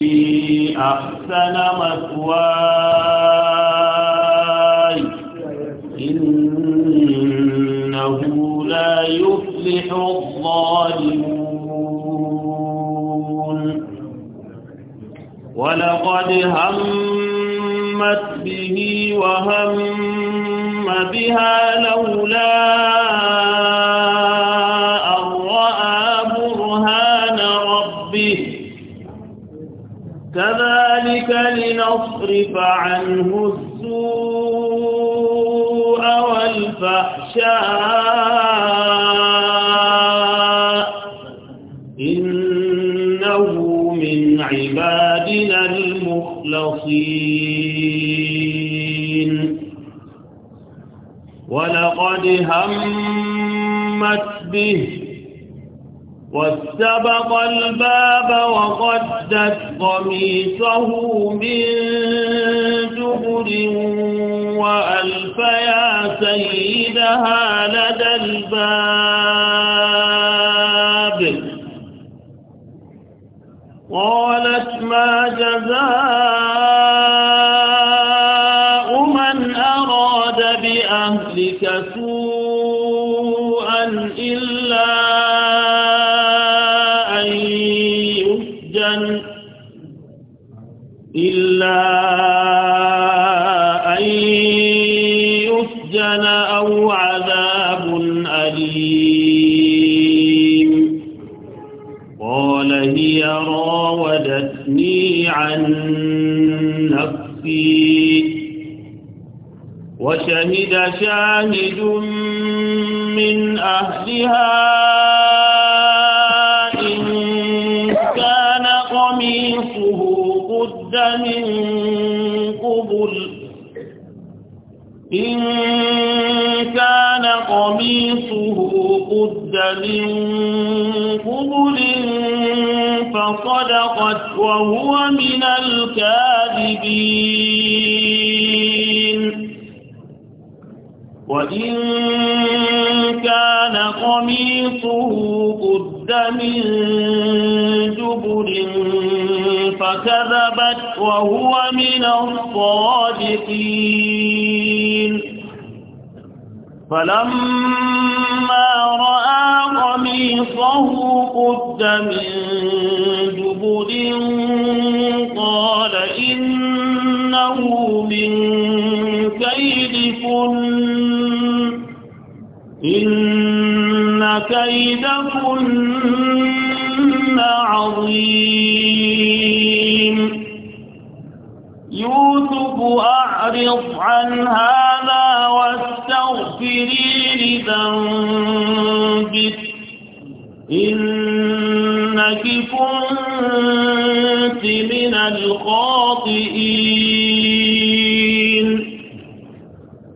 أحسن مثواي إنه لا يفلح الظالمون ولقد همت به وهم بها لولا لنصرف عنه السوء والفحشاء إنه من عبادنا المخلصين ولقد همت به واستبق الباب وقدت قميصه من جبر وألف يا سيدها لدى الباب قالت ما جزاء من أراد بأهلك شاهد من أهلها إن كان قميصه قد من قبل إن كان قميصه قد من قبل فصدقت وهو من الكاذبين وإن كان قميصه قد من جبر فكذبت وهو من الصادقين فلما رأى قميصه قد من جبر قال إنه من كيد إن كيدكن عظيم يوسف أعرض عن هذا واستغفري لذنبك إنك كنت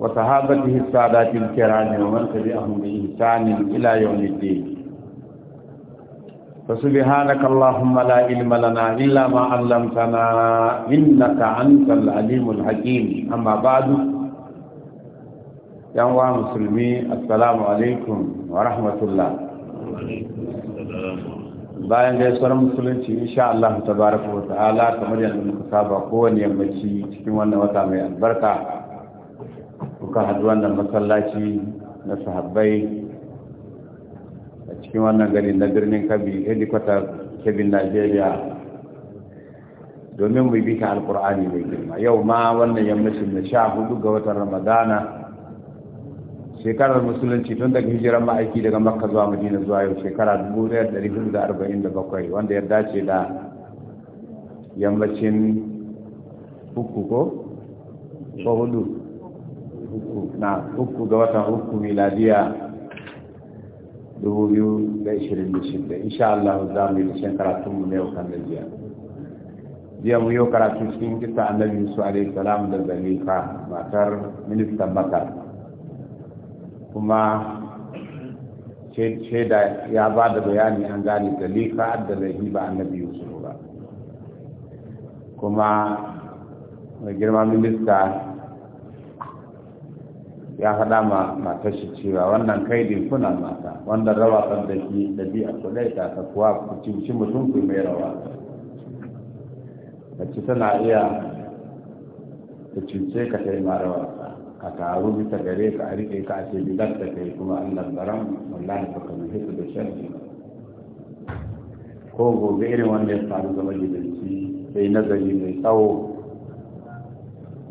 وصحابته السادات الكرام ومن تبعهم بإحسان إلى يوم الدين فسبحانك اللهم لا علم لنا إلا ما علمتنا إنك أنت العليم الحكيم أما بعد يا مسلمي السلام عليكم ورحمة الله bayan gaisuwar musulunci insha Allah tabaraka wa ta'ala kamar yadda muka saba kowane yammaci cikin wannan wata mai albarka muka haɗu wannan masallaci na sahabbai a cikin wannan gari na birnin kabi hedikwatar kebin najeriya domin mu bita alkur'ani mai girma yau ma wannan yammacin na sha hudu ga watan ramadana shekarar musulunci tun daga hijirar ma'aiki daga makka zuwa madina zuwa yau shekara 1447 wanda ya dace da yammacin uku ko ko hudu uku na uku ga watan uku miladiya 2026 insha Allah za mu yi shan karatun mu ne kan jiya jiya mu yi karatu cikin kisa annabi Yusuf alaihi salam da Zalifa matar ministan Makka kuma shaida ya ba da bayani an gane Zalifa da Zalifa annabi Yusuf ba kuma girma minista ya haɗa ma shi cewa wannan kaidin kuna mata wanda rawa kan da shi da bi a kudai ta kuwa ku cimci mutum ku mai rawa mace tana iya ta cince ka ta yi ma ka taru bisa gare ka a riƙe ka a ce bidan ta kai kuma an lambaran wallahi baka nufi su da sharri ko gobe irin wanda ya faru da magidanci sai nazari mai tsawo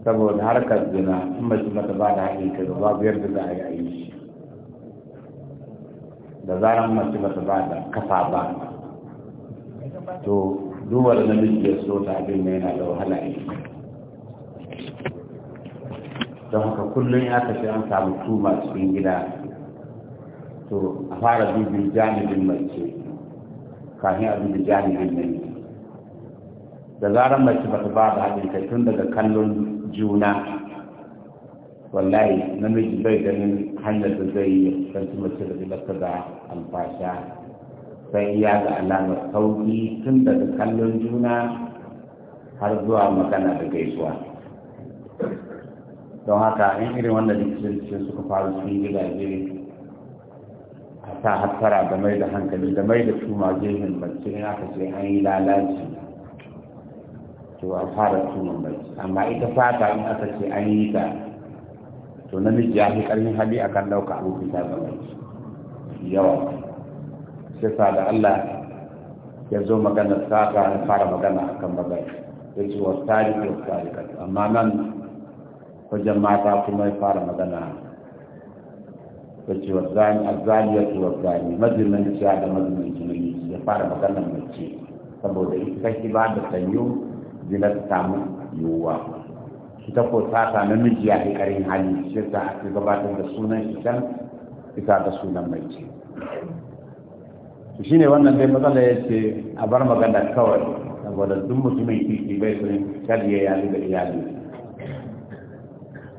saboda harkar zina in mace mata ba da haƙin ta ba biyar da za a yi a yi shi da zaran mace bata ba da kafa ba to duwar namiji ya so ta abin mai yana da wahala yi don haka kullum ya kashe an samu tuma cikin gida to a fara bibin janibin mace kafin a bibin janibin mai. da zaran mace bata ba da haƙin kai tun daga kallon juna wallahi namiji bai ganin hanyar da zai yi kanci mace da zai da alfasha sai ya ga alamar sauki tun daga kallon juna har zuwa magana da gaisuwa don haka in irin wannan likitocin suka faru su yi gidaje a sa hattara da mai da hankali da mai da tuma gehen mace in aka ce an yi lalaci to an fara tunan bai amma ita fata in aka ce an yi ta to namiji ya fi ƙarfin hali a kan ɗauka abokin ta mai yawa sai sa da Allah ya zo maganar sata an fara magana a kan bagai ya ce wa tsari ko tsari amma nan wajen mata kuma ya fara magana ya ce wa zani zani ya ce wa zani mazimanci da mazimanci ya fara maganar mace saboda ita ba da sanyo tilasta mu yiwuwa ita ko sata namiji ya karin hali shi ta ake gabatar da sunan shi can ita da sunan mai ce shi ne wannan dai matsala ya ce a bar magana kawai saboda duk mutumin kiki bai sun kariya ya da iyali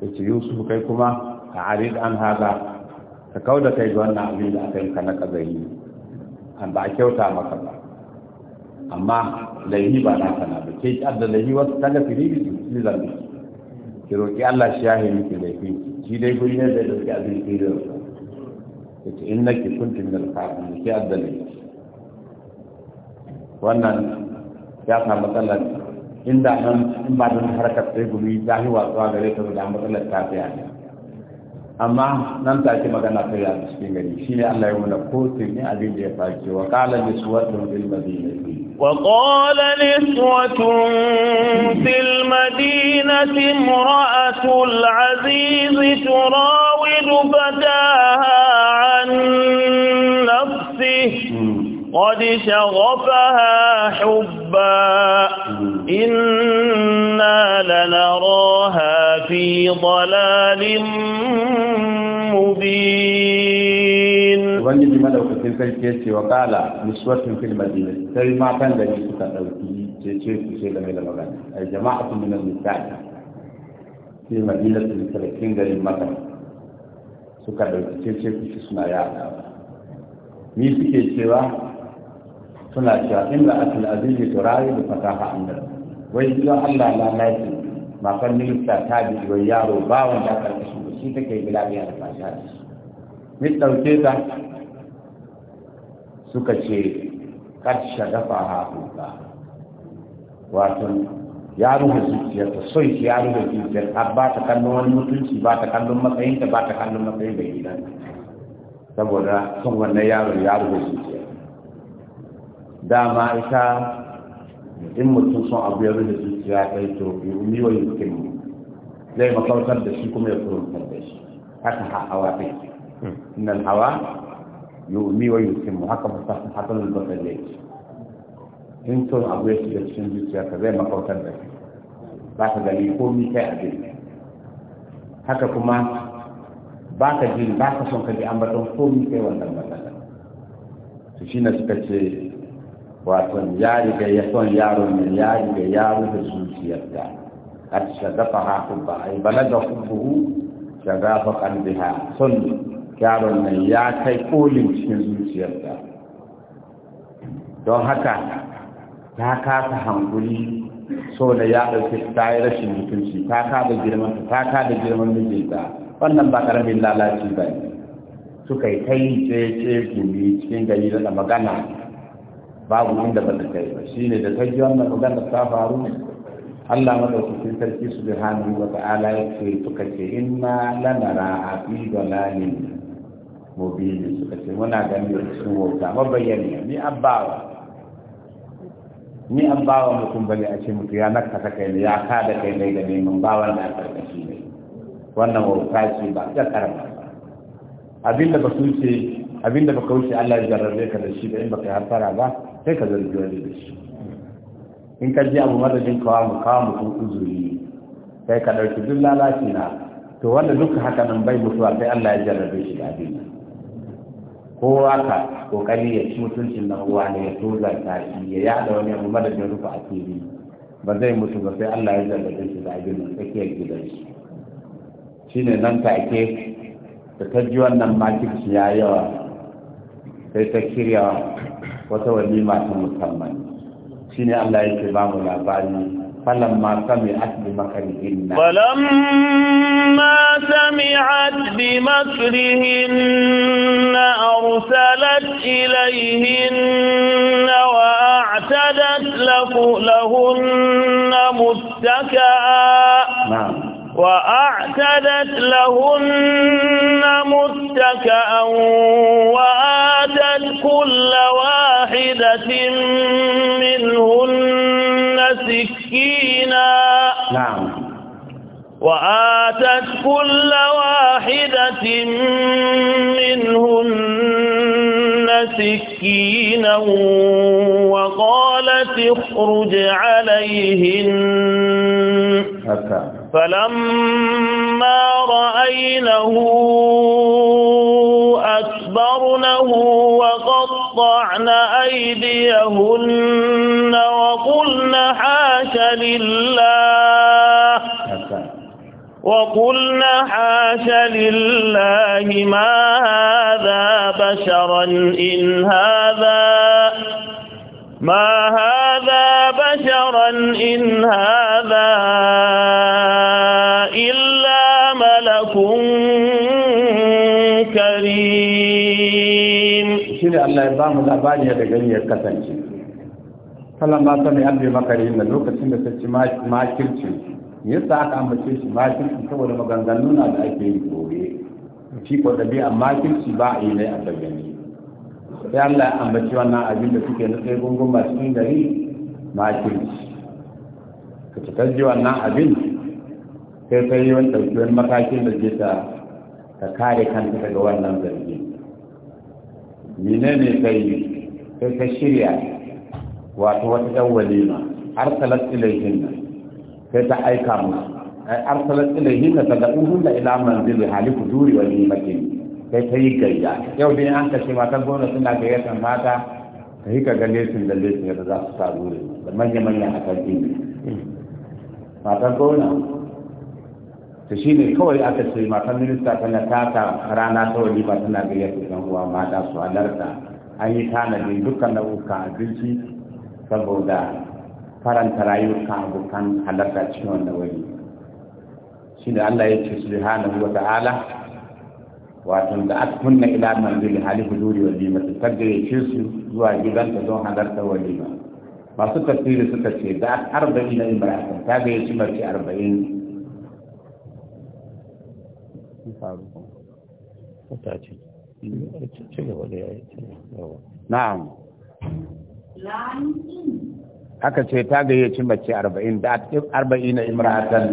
ya ce yusuf kai kuma a arid an haza ka kau da kai ga wannan abin da aka yi ka na kazari an ba a kyauta maka ba amma laihi ba na sana ba ke adda laihi wasu kaga fili ne zambi ki roƙi Allah shi yahe miki laifi shi dai guri ne da dauki abin ki da ta ce in nake kunti min alfa'in ki adda laihi wannan ya sa matsalar inda nan in ba don harkar sai gumi ta yi watsuwa gare ta da matsalar ta fiya amma nan ta take magana ta ya cikin gari shi ne Allah ya muna kotun ne abin da ya fake wa kala niswatun fil madina wa qala niswatun fil madinati imra'atul aziz turawidu fata an nafsi Qad شغفها hubba لنراها في ضلال مبين وان يجي ماذا وكتن كي وقال نسوة في المدينة تري ما كان ذا يسوة تأوكي تيسي في شيء أي جماعة من المساعدة في المدينة في السلسين ذا المدينة suka ɗauki cece ku ci suna yada ba. Ni suke cewa suna cewa inda aka al'adun ke turare da wai gidan Allah lalace mafan minista ta bi wai yaro ba wanda aka kashe da shi take yi lafiya da fasha da shi mi ɗauke ta suka ce kad shagafa ha kuka wato ya rufe zuciyarta ta shi ya rufe zuciyar ta ba ta kallon wani mutunci ba ta kallon matsayinta ba ta kallon matsayin da gidan saboda son wannan yaro ya rufe zuciya dama ita in mutum sun abu ya rufe zuciya ɗai to yi umi wa yuskin mu zai makautar da shi kuma ya kuruntar da shi haka hawa ɗai innal hawa yi umi wa yuskin mu haka mutum hakan albasar ya ce in sun abu ya shiga cikin zuciya ka zai makautar da shi ba ka gani ko mi kai abin haka kuma ba ka jin ba ka son ka ji ambaton mi kai wannan matsala su shi na suka ce wato ya ga ya son yaro ne ya yaro da rufe zuciyarta a shagafa haku ba a yi balaga kubuhu shagafa kalbiha son Yaro ne ya kai kolin cikin zuciyarta don haka ta kasa hankuli so da ya ɗauki ta yi rashin mutunci ta kada girman ta kada girman mijinta wannan ba ƙaramin lalaci ba ne suka yi yi ce ce gumi cikin gari da magana babu inda ba ta kai ba ne da kai wannan magana ta faru Allah madaukakin sarki subhanahu wa ta'ala ya ce suka ce inna lanara fi dalalin mubin suka ce muna ganin cikin wauta bayani ni abbawa ni an ba wa mutum bane a ce mutum ya naka ta kai ne ya ka da kai ne da neman ba da a karkashi ne wannan wauta ce ba ta karama abinda ba su ce abinda ba kauce Allah ya jarrabe ka da shi da in baka hasara ba sai ka zargi wani da shi in ka ji abu madadin kawo mu kawo mutum uzuri sai ka ɗauki duk lalaci na to wanda duka haka nan bai mutuwa sai Allah ya jarrabe shi da abin kowa ka kokari ya ci mutuncin na uwa ne ya ta shi ya yada wani abu madadin rufe asiri ba zai mutu ba sai Allah ya jarrabe shi da abin nan tsakiyar gidan shi shine nan ta ake da ta ji wannan makirci ya yawa sai ta kirya wata walima ta musamman shine Allah yake ba فلما سمعت بمكرهن فلما سمعت بمكرهن أرسلت إليهن وأعتدت لهن متكئا نعم وأعتدت لهن متكئا وآتت كل واحد واحدة منهن سكينا نعم وآتت كل واحدة منهن سكينا وقالت اخرج عليهن فلما رأينه أكبرنه وقطعن أيديهن وقلن حاش لله وقلن حاش لله ما هذا بشرا إن هذا ما هذا بشرا إن هذا shi ne Allah ya ba mu labari da gani ya kasance falan ba sami an bai na lokacin da ta ci makirci yasa aka ambace shi makirci saboda maganganu na da ake yi gobe shi ko ɗabi'a makirci ba a yi ne a bayyane sai Allah ya ambaci wannan abin da suke na tsaye gungun masu yin gari makirci ka ci kan wannan abin sai sai yi wani ɗauki wani matakin da ke ta kare kanta daga wannan zargin. menene kai sai ka shirya wato wata ɗan walima arsalat ilayhin sai ta aika musu arsalat ilayhin ta da'uhun da ila manzili halifu duri walimatin sai ta yi gayya yau dai an kashe matan gona suna gayyatan mata ka yi kaga lesin da lesin da za su taru da manya manya a kan matan gona ta shi ne kawai aka ce matan minista tana taka rana ta wani ba tana gayyar da uwa mata su halarta an yi tanadi dukkan nau'ukan abinci saboda faranta rayuka abokan halarta cikin wannan wani shi ne Allah ya ce su subhanahu wa ta'ala wato da aka kunna ila manzili hali huduri wa limati kadda ya ce su zuwa gidanta don halarta walima masu tafsiri suka ce da arba'in na imra'atan ta gaya ci mace arba'in ke faru ta ce ci na'am aka ce ta gayyaci mace arba'in da na imratan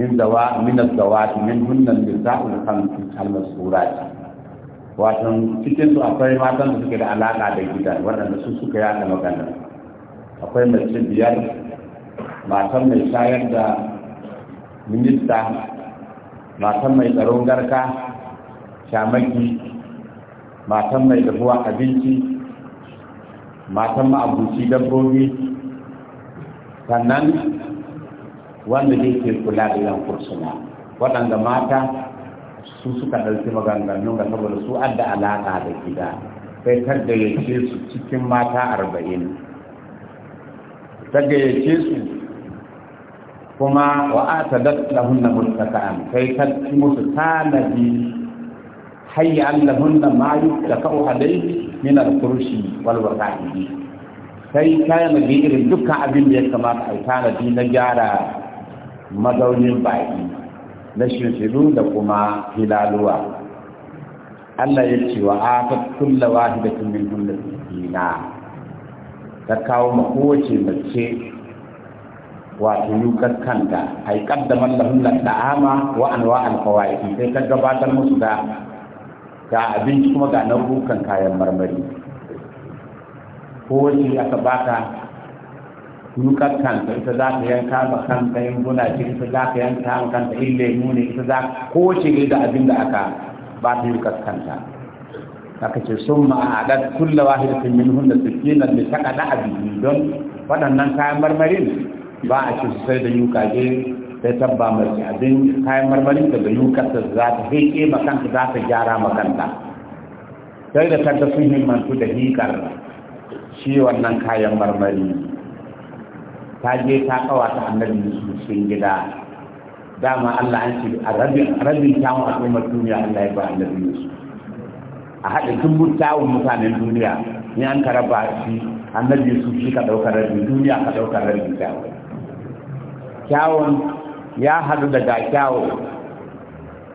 min dawa min dawati min hunnan kan kalmar wasan cikinsu wato cikin su akwai matan da suke da alaƙa da gida waɗanda su suka yada magana akwai mace biyar matan mai shayar da minista matan mai tsaron garka shamaki matan mai dabuwa abinci matan ma'abuci dabbobi sannan wanda zai ke kula da yan kursuna waɗanda mata su suka ɗauki maganganu ga saboda su adda alaƙa da gida sai ta su cikin mata arba'in ta su kuma wa atadat lahunna an kai ta musu tanadi hayya allahunna ma yutakau alayhi min al-kurshi wal wasa'i sai ta yi irin dukkan abin da ya kamata a tanadi na gyara mazaunin baƙi na shirshiru da kuma hilaluwa Allah ya ce wa atat kulla wahidatin min hunna dina, ta kawo ma mace wato yukar kanta ai kaddaman lahum lan da'ama wa anwa al fawaidi sai ka gabatar musu da ga abinci kuma ga nau'ukan kayan marmari ko wani aka baka yukar kanta ita za ka yanka ma kanta yin buna ce ita za ka yanka ma kanta yin lemu ne ita za ko ce ne da abin da aka ba ta yukar kanta aka ce sun ma ma'adar kulla wahidatin min hunna sikinan da ta kada abin don waɗannan kayan marmarin ba a ce sai da yuka ke sai tabba mai abin kayan marmari da da ta za ta heke makanta za ta gyara makanta sai da kaga sun himmantu da hikar shi wannan kayan marmari ta je ta kawata annabi su sun gida dama Allah an ce a rabin kyawun al'ummar duniya Allah ya ba annabi Yusuf a haɗe dubbun kyawun mutanen duniya ni an ka raba shi annabi Yusuf shi ka ɗaukar rabin duniya ka ɗaukar rabin kyawun kyawun ya haɗu da ga kyawu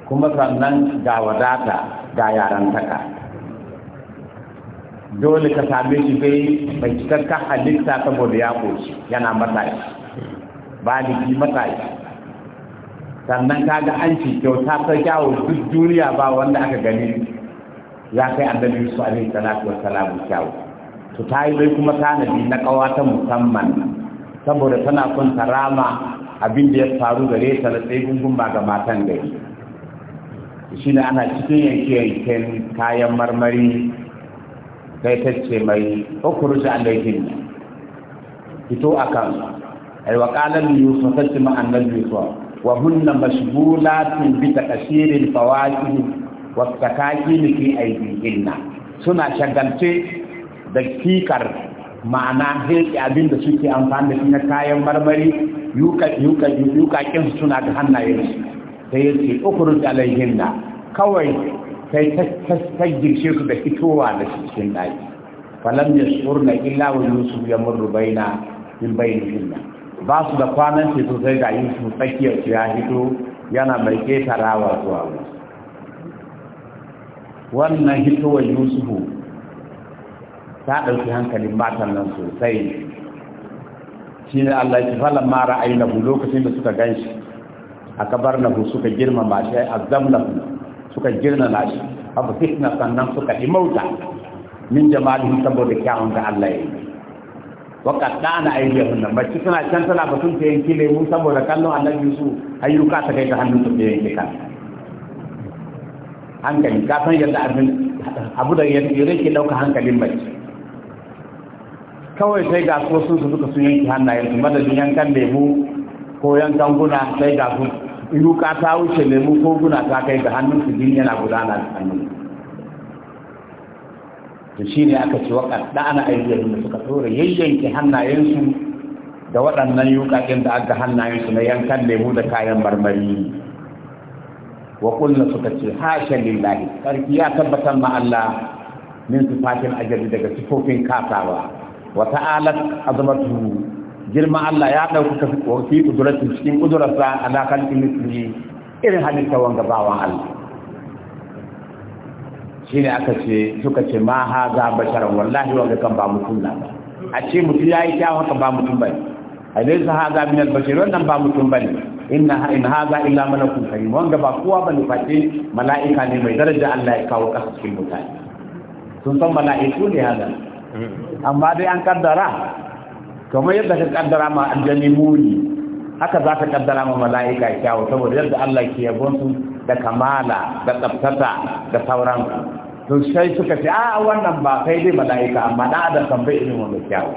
kuma sannan ga wadata ga taka. dole ka same shi bai mai cikakken halitta saboda ya koci yana matashi baliki matashi sannan kaga an ci kyauta ta kyawun duk duniya ba wanda aka gani ya kai annabi su alaihi salatu wassalamu kyawu to ta yi bai kuma tanadi na kawa musamman saboda tana son tarama. abin da ya faru gare ta na gungun ba ga matan gari shi ne ana cikin yanke-yanken kayan marmari sai ta ce mai okuru shi alaihin fito a kan aiwa yusuf ta ce ma'anar yusuf wa hunna mashgulatin bi kashirin fawaki wa ke aiki aibihinna suna shagalce da kikar ma'ana heke abin da suke amfani da kayan marmari yukakin suna da hannayensu sai ya ce da alayhin da kawai sai ta girshe su da fitowa da cikin ɗaki falam ya tsurna illa wa yusuf ya murru baina in bayin hinna ba su da kwanan ce sosai ga yusuf tsakiyar su ya hito yana mai ƙetarawa zuwa wannan hitowar yusufu ta ɗauki hankalin matan nan sosai shi ne Allah ya falan mara ainihu lokacin da suka gan shi a kabar na hu suka ba shi a zamna suka na shi abu fitna sannan suka yi mauta, min jama'in saboda kyawun da Allah ya yi waka dana aidiyahun nan bacci suna can tana sun ta kile mun saboda kallo kallon annabi su ayyuka ta kai ta hannun su da yake kan hankali ka san yadda abin abu da yake dauka hankalin mace kawai sai ga su sun suka sun yanki hannayen su madadin yankan lemu ko yankan guna sai ga su ka ta wuce lemu ko guna ta kai ga hannun su jini yana gudana da hannun to ne aka ce waka da ana da suka tsora yayyanki hannayen su da waɗannan yuƙaƙen da aka hannayen su na yankan lemu da kayan marmari wa kullu suka ce hasha lillahi sarki ya tabbatar ma Allah min sifatin ajali daga sifofin kasawa wa ta'ala azamatu girma Allah ya dauka ka fi qudratin cikin qudrarsa ala kalbi misli irin halitta wanga bawan Allah shi ne aka ce suka ce ma haza basharan wallahi wanga kan ba mutum na ba a ce mutum yi kyawun haka ba mutum bane alaysa haza min al-bashar wannan ba mutum bane inna in haza illa malakun karim wanga ba kowa ne face mala'ika ne mai daraja Allah ya kawo kasa cikin mutane sun san mala'iku ne haza amma dai an kaddara kamar yadda ka kaddara ma aljani muni haka za ka kaddara ma mala'ika kyawu saboda yadda Allah ke yabon su da kamala da tsabtata da sauran to sai suka ce a wannan ba sai dai mala'ika amma da adam kan bai irin wannan kyawu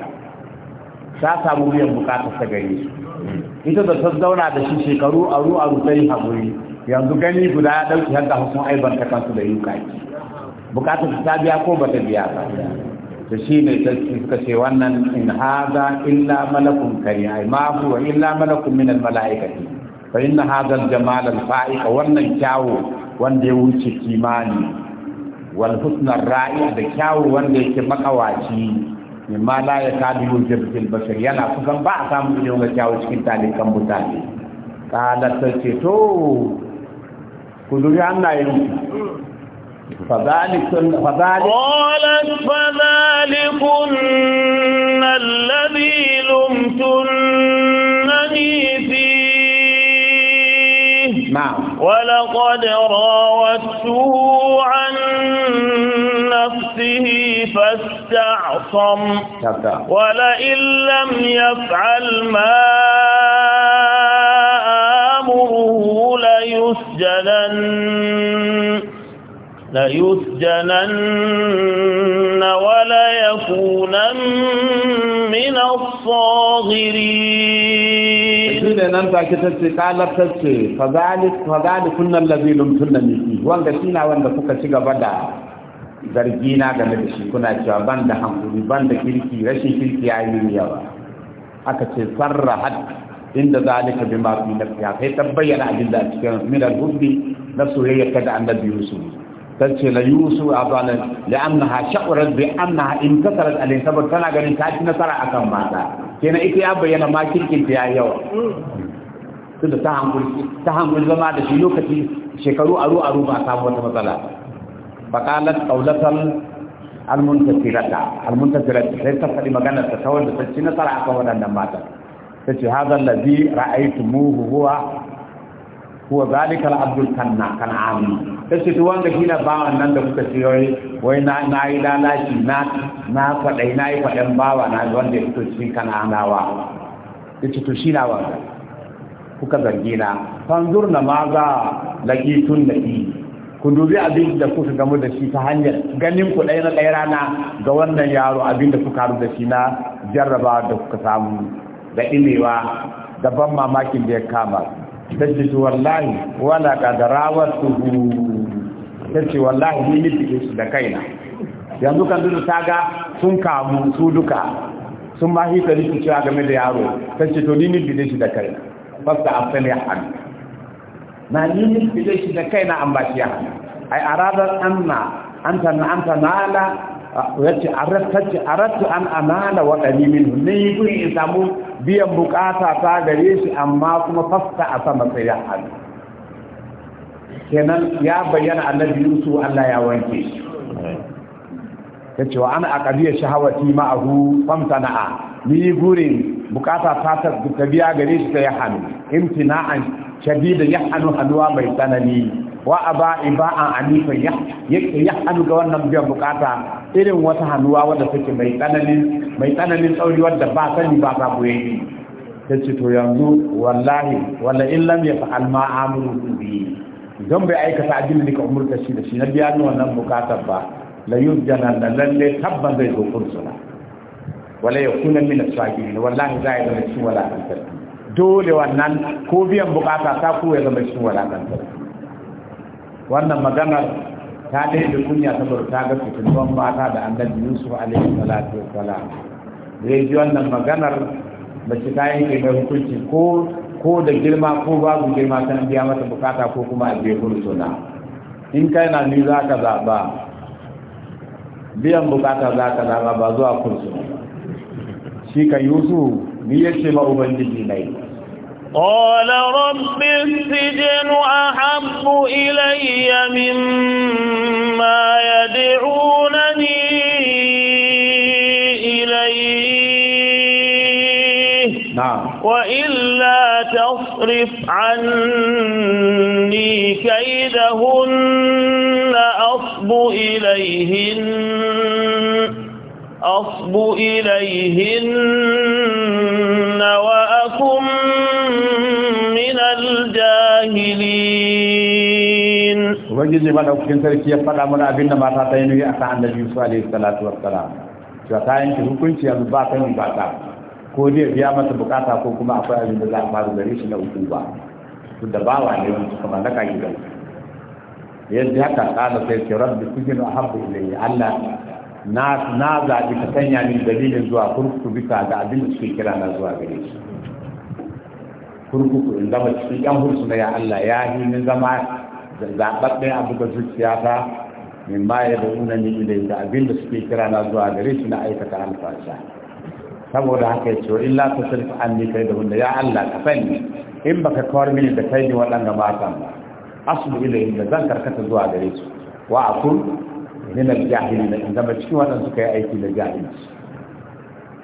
ta samu biyan bukata ta gare su ita da ta zauna da shi shekaru aru aru sai haƙuri yanzu gani guda ya ɗauki har da hukun aibanta kansu da yuka bukatar ta biya ko ba ta biya ba da shi ne sarki suka ce wannan in haza illa malakun kari ai ma huwa illa malakun min almalaikati fa inna hadha aljamal alfa'iqa wannan kyawu wanda ya wuce kimani wal husna ra'i da kyawu wanda yake makawaci min ma la yakadu yujir fil bashar yana kusan ba a samu ne ga kyawu cikin talikan mutane kala ta ce to ku duri hannayen ku فذلكن فذلك قالت فذلكن الذي لمتنني فيه نعم ولقد راودته عن نفسه فاستعصم ولئن لم يفعل ما آمره ليسجنن ليسجنن وليكونا من الصاغرين shine nan take tace kalar tace fazalik fazalikun allazi lumtunna miki wanda shine wanda kuka ci gaba da zargi na game da shi kuna cewa ban da hankuri ban da kirki rashin kirki ya yi yawa aka ce sarrahat inda zalika bima fi nafsiha kai tabbayyana a da cikin min al na soyayya kada annabi Yusuf tace la yusu abalan li'annaha sha'urat bi annaha inkasarat alai saboda tana ganin ta ci nasara akan mata kenan ya bayyana ma kirkin ta yayi yawa tunda ta hankuli ta hankuli zama da shi lokaci shekaru aro aro ba samu wata matsala faqalat qawlatan almuntasirata almuntasirata sai ta faɗi magana ta ta ta ci nasara akan waɗannan mata tace hadha huwa zalika al-abdul kanna kan ami tace to wanda kina bawa nan da kuka ce wai wai na na yi lalaci na na na yi kwadan bawa na wanda ya fito cikin kananawa tace to shi na wa kuka zarge na fanzur na maza da ƙi. ku dubi abin da kuka gamu da shi ta hanyar ganin ku ɗaya na ɗaya rana ga wannan yaro abin da kuka haru da shi na jarrabawa da kuka samu da imewa da ban mamakin da ya kama tace to wallahi wala qadarawatuhu tace wallahi ni nifike su da kaina yanzu kan dudu ta sun kamu su duka sun ma hita rikicewa game da yaro tace to ni nifike shi da kaina fasta afsani ya hannu na ni nifike shi da kaina an ba shi ya hannu ai aradar anna anta na anta nala yace aradta aradtu an anala wa dalimin ne yi in samu biyan bukata ta gare shi amma kuma fasta a sama sai ya hannu kenan ya bayyana annabi yusuf Allah ya wanke shi ta cewa ana a ƙabiyar shahawati ma'ahu famtana'a ni gurin bukata ta ta biya gare shi ta ya hannu imtina'an shadidan ya hannu hannuwa mai tsanani wa aba iba'an anifan ya yake ya an ga wannan biyan bukata irin wata hannuwa wadda take mai tsananin mai tsananin tsauri wadda ba sani ba ta boye ta ce to yanzu wallahi wala in lam yaf'al ma amuru bi idan bai aikata ajin da ka umurta shi da shi na biya wannan bukatar ba la yujjana da lalle tabban zai zo kursuna wala yakuna min as-sagirin wallahi za ya zama cikin walakantar dole wannan ko biyan bukata ta ko ya zama cikin walakantar wannan maganar ta dai da kunya saboda ta ga fitintuwan mata da annabi yusuf alaihi salatu wassalam zai ji wannan maganar mace ta yanke mai hukunci ko ko da girma ko babu girma ta biya mata bukata ko kuma a biya na. in kai na ni za ka zaɓa biyan bukata za ka zaɓa ba zuwa kursu shi ka yusuf ni ya ce ma ubangiji na yi قال رب السجن أحب إلي مما يدعونني إليه نعم وإلا تصرف عني كيدهن أصب إليهن أصب إليهن ubangiji madaukakin sarki ya faɗa mana abin da mata ta yi nuyi akan annabi yusuf alaihi salatu wassalam cewa ta yanke hukunci yanzu ba ta ba ta ko dai biya mata bukata ko kuma akwai abin da za a faru gare shi na uku ba su da bawa ne wani kamar na kan gidan yadda haka tsada sai ce rabbi kujinu habu ilayya allah na na zaɓi ka sanya min dalilin zuwa kurkuku bisa ga abin da suke kira na zuwa gare shi kurkuku in zama cikin yan hursu na ya allah ya yi zama a buga zuciya zuciyata min ma ya da nuna ni ilai da abin da suke kira na zuwa gare shi na aikata alfasha saboda haka ya ce illa ta sarfi an ni kai da wanda ya Allah ka sani in baka kawar mini da kai ni waɗanda matan ba ila yin da zan karkata zuwa gare su wa a min al-jahili da in zama cikin waɗanda suka yi aiki da jahili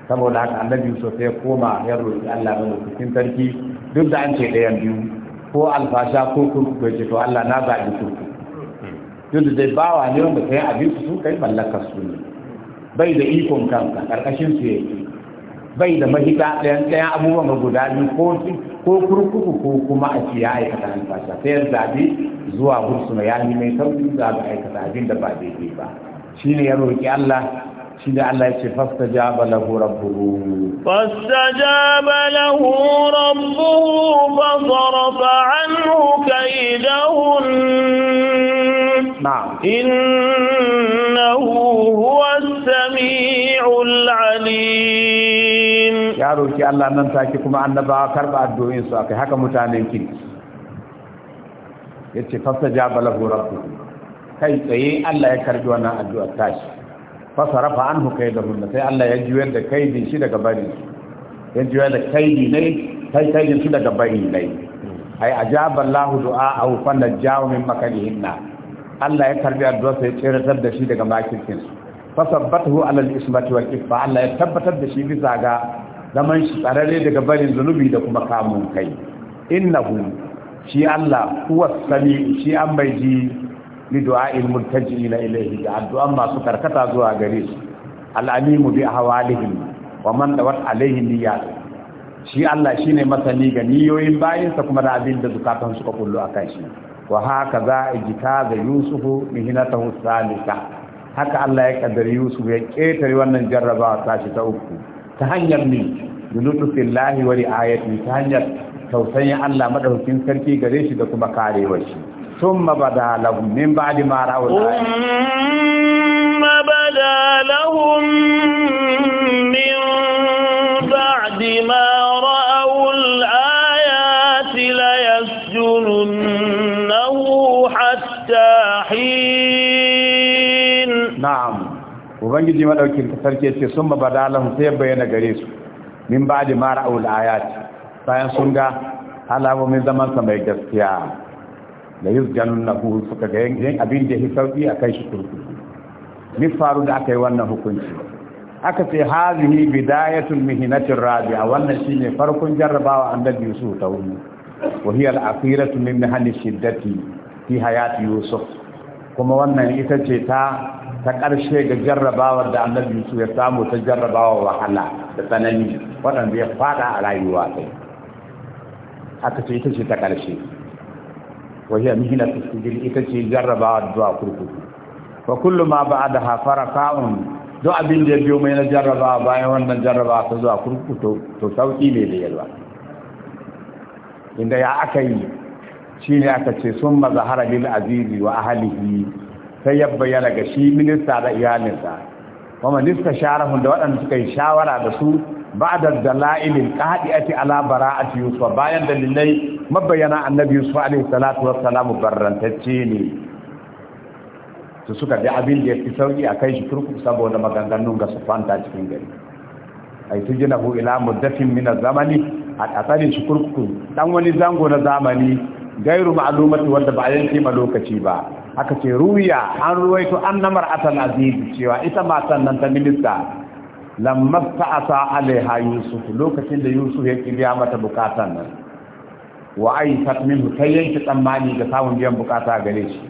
saboda haka annabi sosai ya koma ya roƙi Allah mai cikin sarki duk da an ce ɗayan biyu ko alfasa ko kurkuku ya ce to Allah na zaɓi kurkuku duk da dai bawa ne wanda kai abin su kai mallaka su ne bai da ikon kanka karkashin su yake bai da mahita ɗayan ɗayan abubuwan ga guda biyu ko kurkuku ko kuma a ce ya aikata alfasha sai ya zuwa gursuna ya mai sauki za ga aikata abin da ba daidai ba shine ya roƙi Allah شد الله شي فاستجاب له ربه فاستجاب له ربه فصرف عنه كيدهن نعم إنه هو السميع العليم يا روكي الله ننساكي كما أن نبع كرب أدوين سواكي هكا متانين كي يتشي فاستجاب له ربه كي تيين إيه؟ الله يكرجونا أدو التاشي fasarafa anhu hunna sai Allah ya juyar da kaidin shi daga bari ya juyar da kaidi ne sai kaidin shi daga bari ne ai ajaba Allahu du'a aw fanajjahu min makalihinna Allah ya karbi addu'a sai tsiratar da shi daga makirkin fasabbatahu ala al-ismati wal ifa Allah ya tabbatar da shi bisa ga zaman shi tsararre daga barin zunubi da kuma kamun kai innahu shi Allah huwa sami shi an bai ji li du'a'il na ilayhi da addu'an masu karkata zuwa gare su al'alimu bi ahwalihim wa man dawat alayhi niyyat shi Allah shine masani ga niyoyin bayinsa kuma da abin da zukatan suka kullu akan shi wa haka za ijita da yusufu mihinatahu salika haka Allah ya kaddari yusuf ya ketare wannan jarrabawa sashi ta uku ta hanyar ni bilutufillahi wa ri'ayati ta hanyar tausayin Allah madaukakin sarki gare shi da kuma karewar shi ثم بدا لهم من بعد ما رأوا ثم بدا لهم من بعد ما رأوا الآيات ليسجننه حتى حين نعم وبنجي ديما داو كي تفركي ثم بدا لهم سي بينا غريس من بعد ما رأوا الآيات فاين سونغا alamomin ومن زمان mai يا da yus janunnahu suka ga yan abin da ya sauki a kai shi kurkuku ni faru da aka yi wannan hukunci aka ce hazihi bidayatul rabi a wannan shine farkon jarrabawa annabi yusuf ta wuri wa hiya al min mihani shiddati fi yusuf kuma wannan ita ce ta ta ƙarshe ga jarrabawar da annabi yusuf ya samu ta jarrabawa wahala da tsanani waɗanda ya faɗa a rayuwa kai aka ce ita ce ta ƙarshe وهي مهنة السجن إتشي جرب الدعاء كركوك وكل ما بعدها فرقاء دعاء jarrabawa جبيو من جرب بايوان من جرب تزعى كركوك تسوكي لي يلوى inda ya aka yi shi ne aka ce sun mazahara lil azizi wa ahalihi sai ya bayyana ga shi minista da iyalinsa kuma minista da waɗanda shawara da su ba'da dalailil qadi'ati ala alabara yusuf bayan dalilai mabayyana annabi yusuf alaihi salatu barrantacce ne su suka bi abin da ya fi sauki a kai shi kurkuku saboda maganganun ga su fanta cikin gari ai tujinahu ila muddatin min zamani a tsakanin shi ɗan wani zango na zamani gairu ma'lumati wanda ba yanke ma lokaci ba aka ce ruya an ruwaito annamar atal aziz cewa ita matan nan ta minista lamma ta'asa alaiha yusuf lokacin da yusuf ya kibiya mata bukatan nan wa aisat minhu ta ki tsammani ga samun biyan bukata gare shi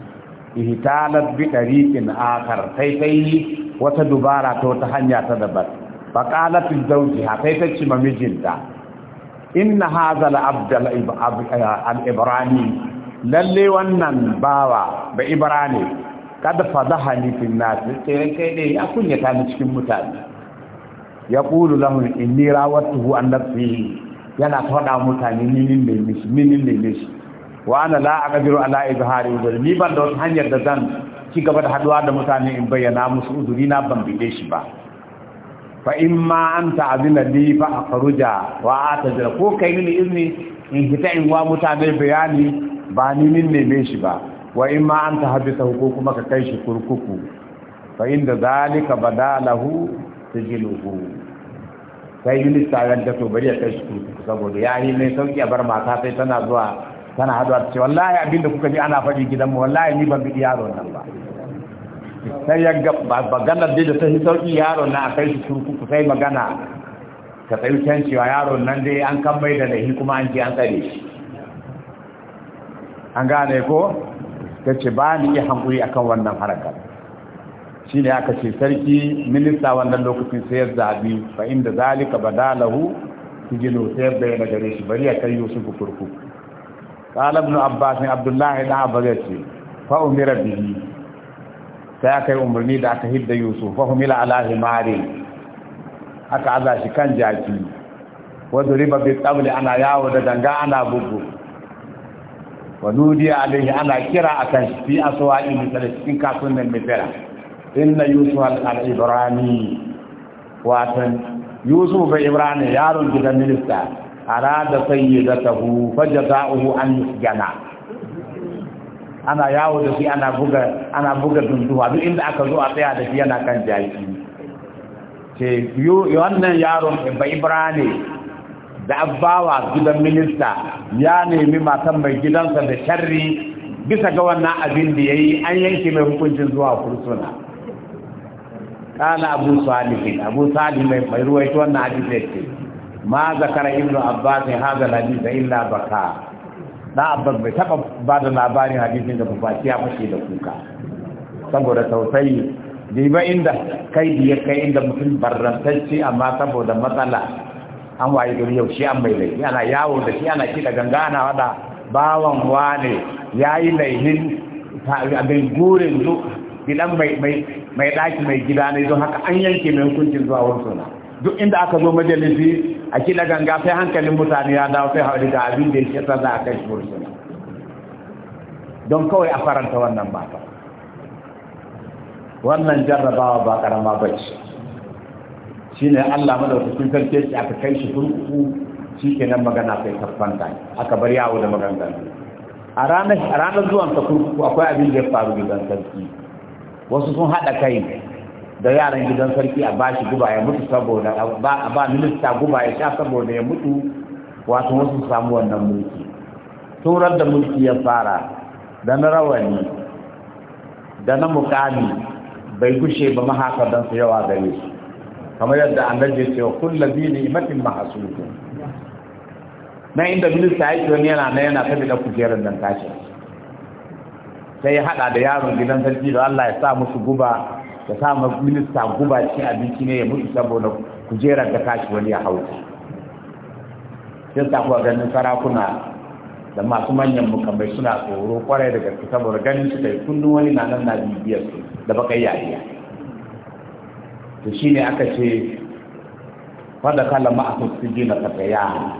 ihtalat bi tariqin akhar sai kai wata dubara ta wata hanya ta daban fa qalat li zawjiha sai ta ce mamijinta inna hadha al-abd al-ibrani lalle wannan bawa ba ibrani kada fadahani fi nas kai kai dai ya kunyata cikin mutane ya ƙulu lahun inni rawattuhu an nafi yana faɗa mutane minin da mishi minin mishi wa ana la aqdiru ala izhari udri ni ban da wata hanyar da zan ci gaba da haɗuwa da mutane in bayyana musu uduri na ban bide shi ba fa in ma an ta'zina li fa akhruja wa jira ko kai ni izini in fita in wa mutane bayani ba ni min neme shi ba wa in ma an ta habisa ko kuma ka kai shi kurkuku fa inda zalika badalahu sijiluhu sai minista ya ga to bari ya kai shi kurkuku saboda ya yi mai sauki a bar mata sai tana zuwa tana haɗuwa ta ce wallahi abinda kuka ji ana faɗi gidanmu wallahi ni ban bi yaro nan ba sai ya ga magana dai da ta yi sauki yaro na a kai shi kurkuku sai magana ta tsayi can cewa yaro nan dai an kan mai da laifi kuma an je an tsare shi an gane ko ta ce ba ni iya hankuri akan wannan harakar shine aka ce sarki minista wannan lokacin sai ya zabi fa inda zalika badalahu sijinu sai ya bayyana gare shi bari ya kai yusuf kurku qala ibn abbas ne abdullahi na abbas ce fa umira bihi sai aka yi umarni da aka hidda yusuf fa humila ala himari aka aza shi kan jaki wadda riba bi tsabli ana yawo da danga ana bugu wa nudiya alaihi ana kira akan shi fi aswa ilmi cikin kasuwan mai fera inna yusuf al-ibrani watan yusuf ibrani yaron gidan minista arada sayyidatahu fajaza'uhu an yusjana ana yawo da shi ana buga ana buga dunduwa duk inda aka zo a tsaya da shi yana kan jaki ce wannan yaron ibrani da abbawa gidan minista ya nemi matan mai gidansa da sharri bisa ga wannan abin da ya yi an yanke mai hukuncin zuwa fursuna kala abu salih abu salih mai mai ruwaito wannan hadisi ce ma zakara ibnu abbas hadha hadisi illa baka na abbas bai taba ba da labarin hadisin da bufaci ya fashe da kuka saboda tausayi jiba inda kai ya kai inda mutum barrantacce amma saboda matsala an waye gari yau shi an mai laifi ana yawo da shi ana kiɗa gangana ana wada bawan wane ya yi laihin abin gurin Gidan mai mai mai daki mai gida ne don haka an yanke mai hukuncin zuwa wurin suna duk inda aka zo majalisi a kila ganga sai hankalin mutane ya dawo sai hauri da abin da yake sa za a kai shi wurin don kawai a faranta wannan mata wannan jarrabawa ba karama Shi ne Allah madaukakin sarki ya aka kai shi kurkuku shi ke nan magana sai kafanta aka bar yawo da maganganu a ranar zuwan ta kurkuku akwai abin da ya faru gidan sarki wasu sun haɗa kai da yaran gidan sarki a bashi guba ya mutu saboda a ba minista guba ya sha saboda ya mutu wasu wasu samu wannan mulki turar da mulki ya fara da na rawani da na mukami bai gushe ba don su yawa gare su kamar yadda annabi ce wa kullu bi ni'matin mahsudun na inda minista ya ce wani yana na yana tabi da kujerar dan tashi sai ya haɗa da yaron gidan sarki da Allah ya sa musu guba ya sa ma minista guba cikin abinci ne ya mutu saboda kujerar da kashi wani ya hau sai kuwa ganin sarakuna da masu manyan mukamai suna tsoro kwarai da gaske saboda ganin su kai kullum wani na nan na bibiyar su da baka yariya to shine aka ce kala ma'a su gina kafa kataya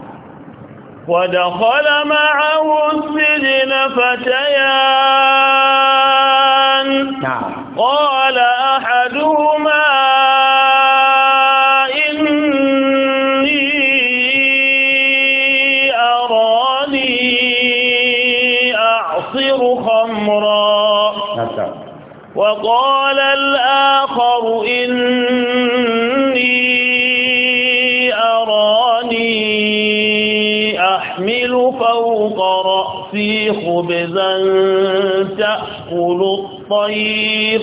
ودخل معه السجن فتيان نعم. قال أحدهما إني أراني أعصر خمرا نعم. وقال الآخر إني أحمل فوق رأسي خبزا تأكل الطير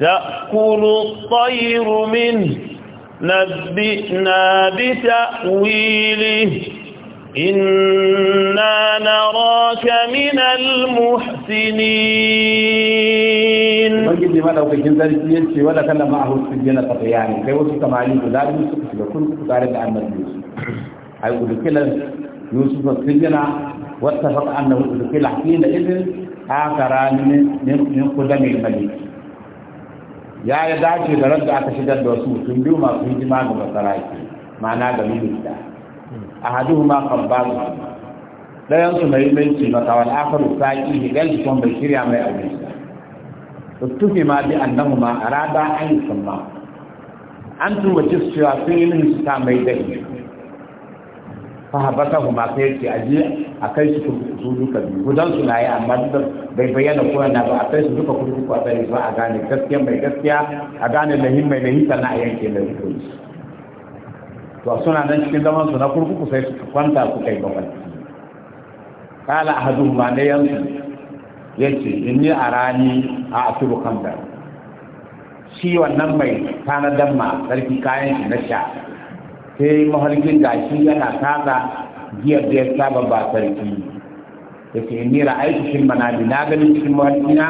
تأكل الطير منه نبئنا بتأويله إنا نراك من المحسنين وجد ما لو كان ذلك يلشي ولا كان معه السجين قطيان كي وصل تماليه ذلك يوسف كل كتارة عن مجلس أي أقول كلا da يوسف السجن da أنه ta حينئذ آخران من قدم الملك ya yi dace da ran da aka shigar da wasu mutum biyu masu hidima ga masaraki ma'ana ga minista a hadu ma kabbalu dayan su mai minci maka wal akharu saqi higal kun bai shirya mai abin Tuttufi ma bi annahu ma arada an yusamma an tuba cewa sun yi min su ta mai dahi ko ma kai yace aje a kai su su duka biyu gudan su na yi amma bai bayyana ko na ba a kai su duka kudu ko a tsare a gane gaskiya mai gaskiya a gane lahin mai lahin sannan a yanke da su to suna nan cikin zaman su na kurkuku sai su kwanta su kai bakwai kala ahadun ma ne yansu yace inni arani a asiru kamdar shi wannan mai tanadan ma sarki kayan shi na sha sai mahalgin gashi yana kasa giyar da ya saba ba sarki ya ce ni shi mana bi na ganin cikin mahalgina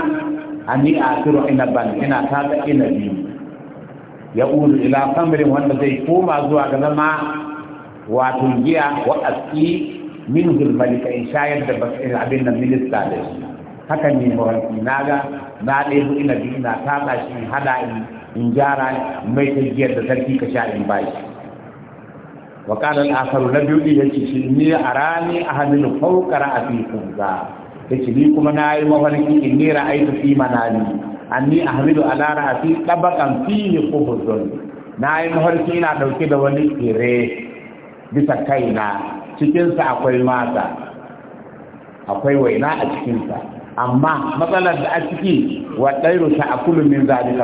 a ni a turu ina ban ina kaza ina biyu ya ulu ila kamarin wanda zai koma zuwa ga zama wato giya wa aski min hulmali ka in shayar da basirin abin nan minista da shi haka ne mahalgi na ga na ɗaya ina biyu ina kaza shi hada in gyara mai ta giyar da sarki ka sha in bashi wa qala al-akharu na biyu yace shi ni arani ahadun fawqa ra'ati kunza yace ni kuma nayi mafarki in ni ra'aytu fi manami anni ahmidu ala ra'ati tabaqan fihi khubzun nayi mafarki ina dauke da wani tire bisa kaina cikinsa akwai mata akwai waina a cikinsa amma matsalar da a ciki wa ɗairu ta a kulumin zaɗi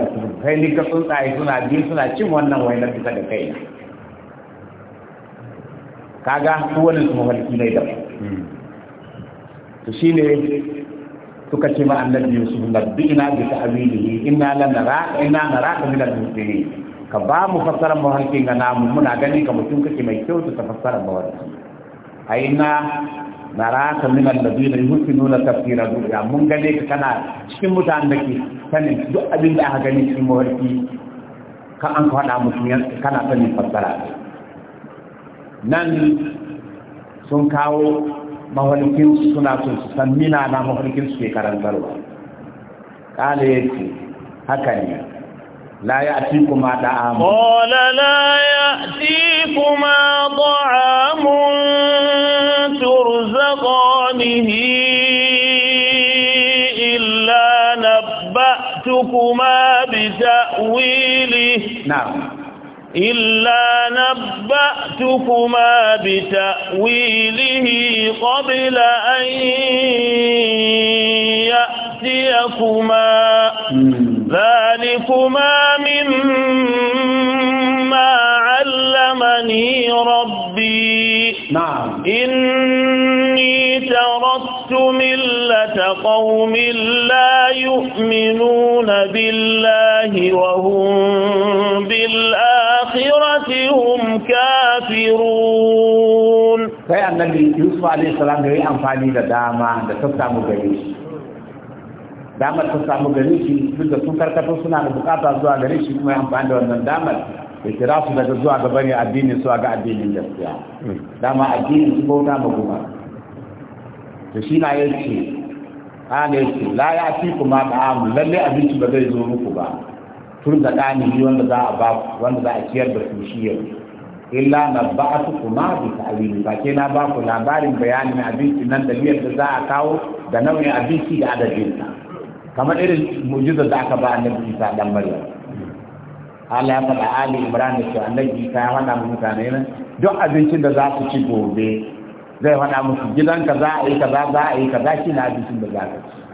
kai ni ka tsuntsaye suna biyu suna cin wannan wainar bisa da kaina kaga su wani su mafarki ne da to shine suka ce ma annabi yusuf nabbi'ina bi ta'wilihi inna ina inna naraka min al-muslimin ka ba mu fassarar mafarkin ga namu muna gani ka mutum kake mai kyau ta fassara mafarki ai na naraka min alladhina nuna tafsira ru'ya mun gane ka kana cikin mutanen da ke sanin duk abin da aka gani cikin mafarki ka an faɗa musu kana sanin fassara nan sun kawo mafarkinsu suna son su san mina na mafarkinsu ke karantarwa ƙala ya ce haka ne la ya ci kuma da'amu ƙola la ya ci kuma da'amun turzaqanihi illa nabba'tukuma bi ta'wilihi na'am إلا نبأتكما بتأويله قبل أن يأتيكما ذلكما مما علمني ربي نعم إني تركت ملة قوم لا يؤمنون بالله وهم الآخرة هم كافرون في النبي يوسف عليه السلام shi, أنفاني لداما sun قريش داما تسامو قريش بدا سنكر كتوسنا لبقاطة amfani da كما ينفعني da داما itirafu daga zuwa ga bane addini su ga addinin gaskiya dama addini su bauta ma goma to shi na yace ana yace la ya fi kuma amu lalle abinci ba zai zo muku ba turga ɗalibi wanda za a ba wanda za a ciyar da su shi yau illa na su kuma bi ta'wili ba ke na ba ku labarin bayanin abinci nan da miyar da za a kawo da nauyin abinci da adadin sa kamar irin mu'jiza da aka ba annabi Isa dan Maryam Allah ya faɗa Ali Imran da annabi Isa ya faɗa mu mutane nan duk abincin da za su ci gobe zai faɗa musu gidanka za a yi kaza za a yi kaza shi na abincin da za ka ci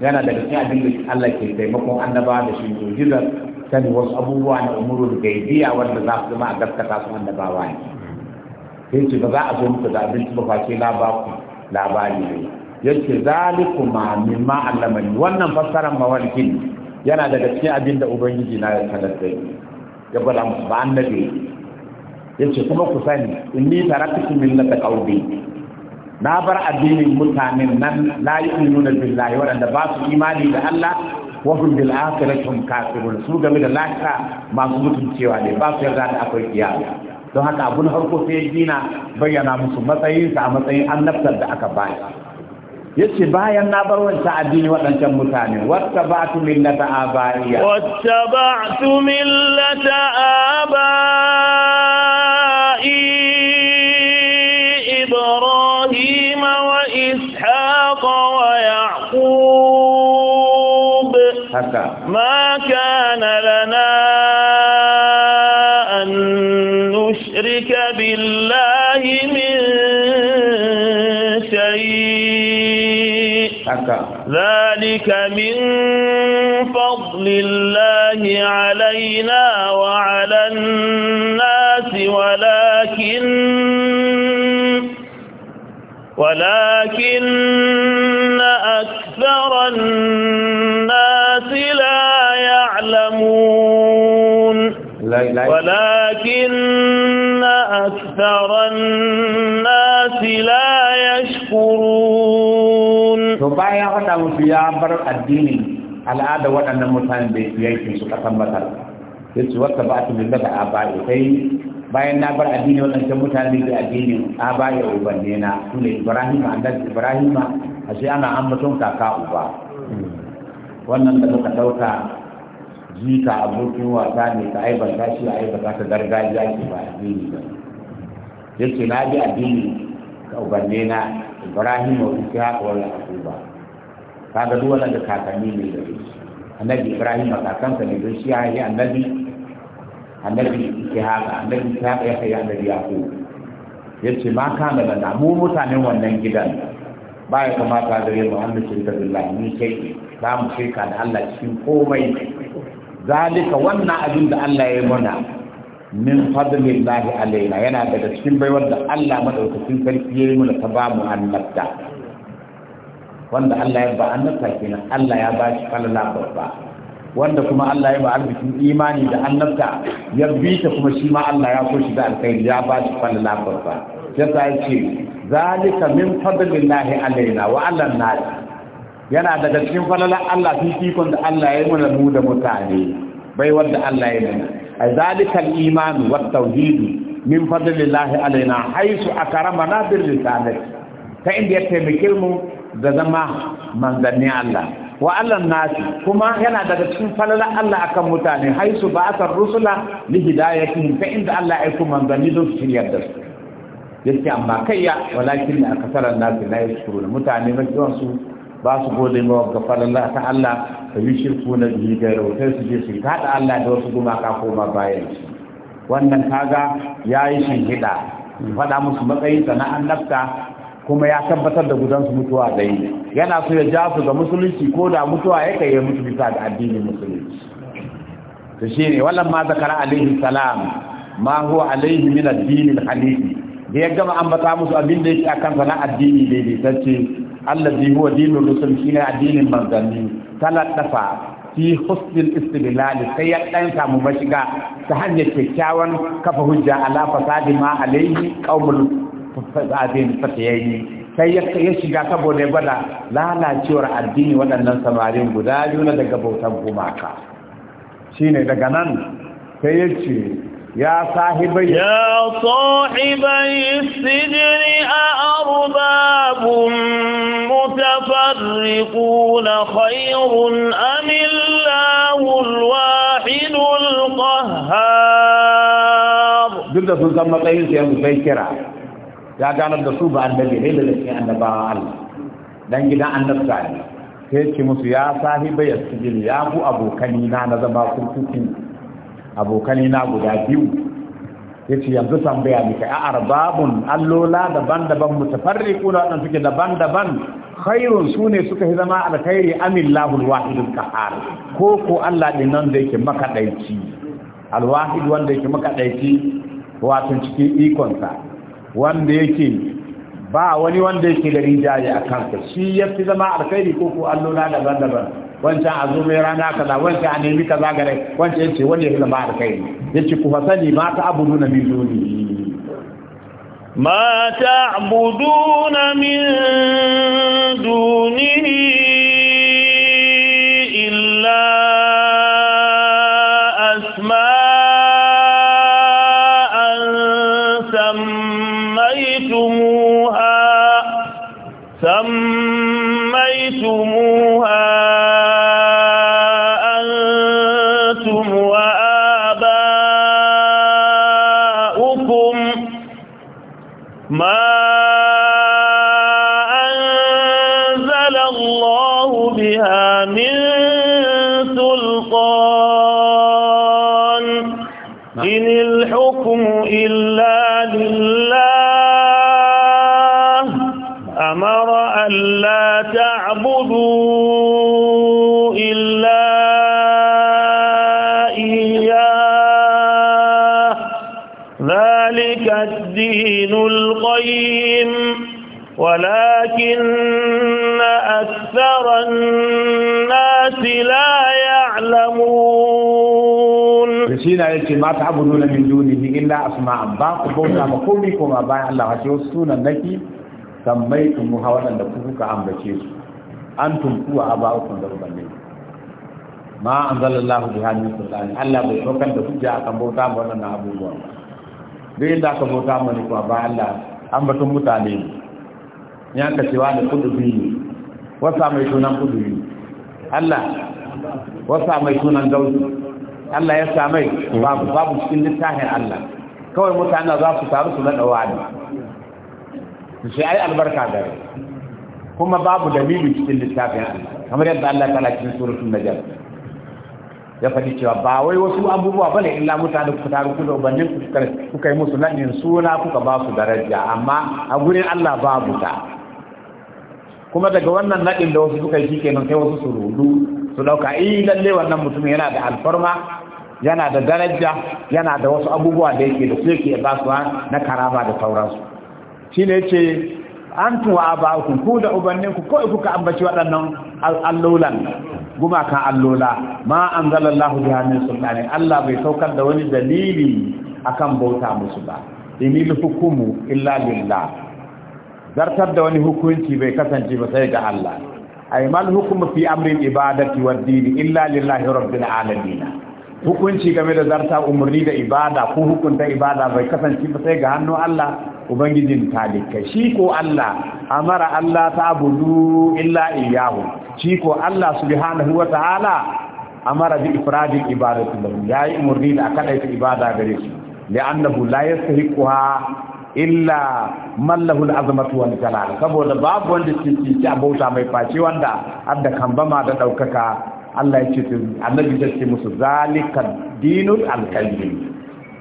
yana daga cikin abin da Allah ke taimakon annaba da shi mu'jizar kan wasu abubuwa na umurul gaibiya wanda za su zama a gaskata su annabawa ne sai ce ba za a zo muku da abinci ba ce la ba ku labari ne yace ma mimma allamani wannan fassarar mawalkin yana daga cikin abin da ubangiji na ya ya gwada musu ba annabi yace kuma ku sani inni taraktu millata qaumi na bar addinin mutanen nan la yu'minuna billahi waɗanda ba su imani da Allah wa hum bil akhirati kafirun su game da lahira masu mutuncewa ne ba su yarda da akwai kiyama don haka abun harko sai dina bayyana musu matsayinsa a matsayin annabtar da aka bayar yace bayan na bar wancan addini waɗancan mutane wattaba'tu millata abaiya wattaba'tu millata abaiya حتى ما كان لنا أن نشرك بالله من شيء حتى ذلك من فضل الله علينا وعلى الناس ولكن ولكن أكثر الناس na ولكن أكثر الناس لا يشكرون فبايا ya bar addini al'ada waɗannan mutane da yankin su suka tabbatar sai su wata ba su lullu da abaye sai bayan na bar addini waɗancan mutane da addinin abaye ubanne na su ne ibrahima annabi ibrahima a sai ana ambaton kaka uba hmm. wannan da suka ɗauka Zika abokin wasa ne ka aibata shi a aibata ta gargajiya ce ba addini ba ce na bi addini ka ubanne na ibrahim wa kuka haka wala akuba ka ga duk wannan da kakanni ne da shi annabi ibrahim a kakanta ne don shi ya yi annabi annabi ishaq annabi haka ya kai annabi ya yace ma kana da mu mutanen wannan gidan ba ya kamata da yamma annabi shirka billahi ni kai ba mu shirka da Allah cikin komai zalika wannan abin da Allah ya yi muna min fadlillahi alaina yana daga cikin baiwar da Allah madaukakin sarki ya yi mana ta ba mu annabta wanda Allah ya ba annabta kenan Allah ya ba shi falala babba wanda kuma Allah ya ba arzikin imani da annabta ya bi ta kuma shi ma Allah ya so shi da alkhairi ya ba shi falala babba yasa ya ce zalika min fadlillahi alaina wa ala nas yana daga cikin falalar Allah fifikon da Allah ya yi mana mu da mutane bai wanda Allah ya nuna a zalikal imanu wa tauhidu min fadlillahi alaina haisu na bil lisanati ta inda ya taimake mu da zama manzanni Allah wa Allah nasi kuma yana daga cikin falalar Allah akan mutane haisu ba'atar rusula li hidayatihim ta inda Allah ya aika manzanni don su shiryar da su Yake amma kayya walakin akasaran nasi la yashkuruna mutane makiyan su ba su gode ma ga Allah ta Allah ka yi shirku na bihi da rautar su je su kada Allah da wasu gumaka ko ma bayan wannan kaga yayi hida faɗa musu matsayin na annabta kuma ya tabbatar da gudansu mutuwa da yi yana so ya ja su ga musulunci ko da mutuwa ya kai ya mutu bisa da addinin musulunci to ne. Wannan ma zakara alaihi salam ma huwa alaihi min addinin halifi da ya gama ambata musu abin da yake akan sana addini daidaitacce allazi huwa dinur rusul shine addinin manzanni talaffa fi husnil istidlal sai ya dan samu mashiga ta hanyar kyakkyawan kafa hujja ala fasadi ma alaihi qaumul fasadin fatayayi sai ya shiga saboda ya bada lalacewar addini waɗannan samarin guda biyu na daga bautan gumaka shine daga nan sai ya ce يا صاحبي يا صاحبي السجن أأرباب المتفرقون خير أم الله الواحد القهار duk da sun san matsayin su yanzu sai kira ya ganar da su ba annabi ne da cikin annabawa Allah dan gidan annabta ne sai ce musu ya sahiba ya sijil ya ku na zama kurkuku abokani guda biyu yace yanzu tambaya mika a arbabun allola daban-daban mutafarriquna wadanda suke daban-daban khairun ne suka yi zama alkhairi amillahu alwahidul qahar ko ko Allah din nan da yake makadaici alwahid wanda yake makadaici wato cikin ikon sa wanda yake ba wani wanda yake da rijaye a kansa shi yafi zama alkhairi ko ko allola daban-daban wancan a zo mai rana kaza wancan a nemi kaza gare wancan yace wanda ya zama alkai yace ku fasani ma ta abuduna min duni ma min ce ma ta abu nuna min duni dunihi illa asma'an ba ku bauta ma komai koma bayan Allah wace wasu sunan naki sammai tun muha waɗanda kuka ambace su an tunkuwa a ba ukun da ubanne ma an zala Allah bi hannun sultani Allah bai saukar da hujja kan bauta ba waɗannan abubuwa ba duk inda aka bauta ma ne kuma bayan Allah an ambaton mutane ne ya ka cewa da kudubi ne wasa mai sunan kudubi Allah wasa mai sunan gausu Allah ya samai babu babu cikin littafin Allah kawai mutane za su taru su nada wani su ce ai albarka gare kuma babu dalili cikin littafin Allah kamar yadda Allah ta lakin suratul najm ya faɗi cewa ba wai wasu abubuwa bane illa mutane ku taru ku da ubannin ku kuka yi musu nadin suna kuka ba su daraja amma a gurin Allah babu ta kuma daga wannan nadin da wasu suka yi kenan sai wasu su rudu su dauka eh lalle wannan mutumin yana da alfarma yana da daraja yana da wasu abubuwa da yake da suke ba su na karama da sauransu shi ne ce an tuwa ba ku ku da ubanninku ku ka ambaci waɗannan allolan gumakan allola ma an Allahu biya min sultani Allah bai saukar da wani dalili akan bauta musu ba inil hukumu illa lillah zartar da wani hukunci bai kasance ba sai ga Allah ay mal hukumu fi amri ibadati wad din illa lillahi rabbil alamin hukunci game da zarta umarni da ibada ko hukunta ibada bai kasance ba sai ga hannu Allah ubangijin talika shi ko Allah amara Allah ta budu illa iyahu shi ko Allah subhanahu wa ta'ala amara bi ifradil ibadati lahu yayi umarni da aka ta ibada gare shi li'annahu la yastahiquha illa man lahu al'azmatu wal jalal saboda babu wanda ke ci abota mai face wanda adda kambama da daukaka Allah ya ce annabi da ce musu zalika dinul alqayyim